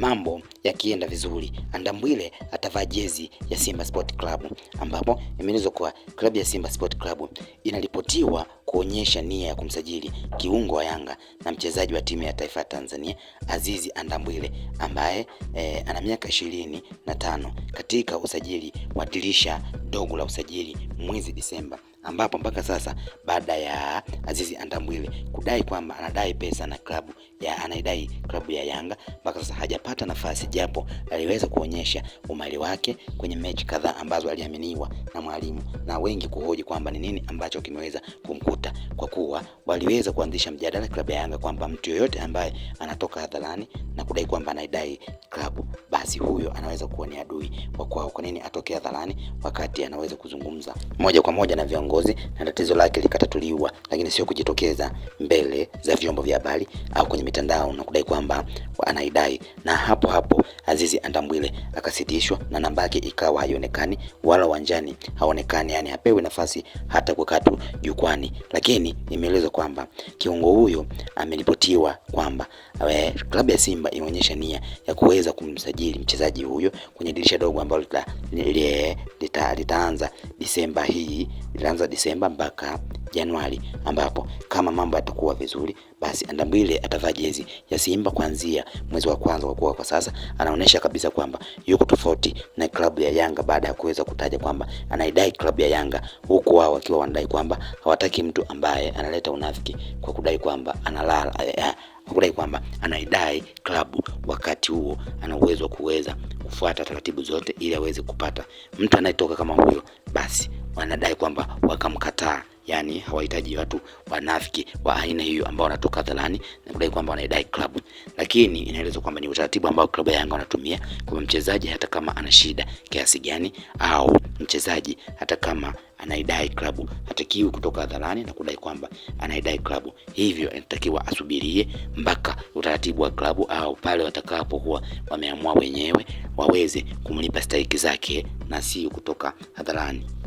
mambo yakienda vizuri, Andambwile atavaa jezi ya Simba Sport Club, ambapo imeelezwa kuwa klabu ya Simba Sport Club inaripotiwa kuonyesha nia ya kumsajili kiungo wa Yanga na mchezaji wa timu ya taifa ya Tanzania Azizi Andambwile ambaye e, ana miaka ishirini na tano katika usajili wa dirisha dogo la usajili mwezi Disemba ambapo mpaka sasa baada ya Azizi Andambwile kudai kwamba anadai pesa na klabu ya anaidai klabu ya Yanga mpaka sasa hajapata nafasi, japo aliweza kuonyesha umali wake kwenye mechi kadhaa ambazo aliaminiwa na mwalimu na wengi kuhoji kwamba ni nini ambacho kimeweza kumkuta, kwa kuwa waliweza kuanzisha mjadala klabu ya Yanga kwamba mtu yoyote ambaye anatoka hadharani na kudai kwamba anaidai klabu, basi huyo anaweza kuwa ni adui wa kwao. Kwa nini atoke hadharani wakati anaweza kuzungumza moja kwa moja na viongozi uongozi na tatizo lake likatatuliwa, lakini sio kujitokeza mbele za vyombo vya habari au kwenye mitandao na kudai kwamba anaidai. Na hapo hapo Azizi Andambwile akasitishwa na namba yake ikawa haionekani wala uwanjani haonekani, yani hapewi nafasi hata kukaa tu jukwani. Lakini imeelezwa kwamba kiungo huyo ameripotiwa kwamba eh, klabu ya Simba imeonyesha nia ya kuweza kumsajili mchezaji huyo kwenye dirisha dogo ambalo litaanza Disemba hii litaanza Disemba mpaka Januari, ambapo kama mambo yatakuwa vizuri, basi andambwile atavaa jezi ya Simba kuanzia mwezi wa kwanza, kwa kuwa kwa sasa anaonyesha kabisa kwamba yuko tofauti na klabu ya Yanga baada ya kuweza kutaja kwamba anaidai klabu ya Yanga, huku wao wakiwa wanadai kwamba hawataki mtu ambaye analeta unafiki kwa kudai kwamba analala eh, eh, kudai kwamba anaidai klabu wakati huo ana uwezo wa kuweza kufuata taratibu zote ili aweze kupata mtu anayetoka kama huyo, basi wanadai kwamba wakamkataa, yani hawahitaji watu wanafiki wa aina hiyo ambao wanatoka hadharani na kudai kwamba wanaidai klabu, lakini inaelezwa kwamba ni utaratibu ambao klabu ya Yanga wanatumia kwa mchezaji hata kama ana shida kiasi gani, au mchezaji hata kama anaidai klabu hatakiwi kutoka hadharani na kudai kwamba anaidai klabu, hivyo anatakiwa asubirie mpaka utaratibu wa klabu au pale watakapokuwa wameamua wenyewe waweze kumlipa stahiki zake na si kutoka hadharani.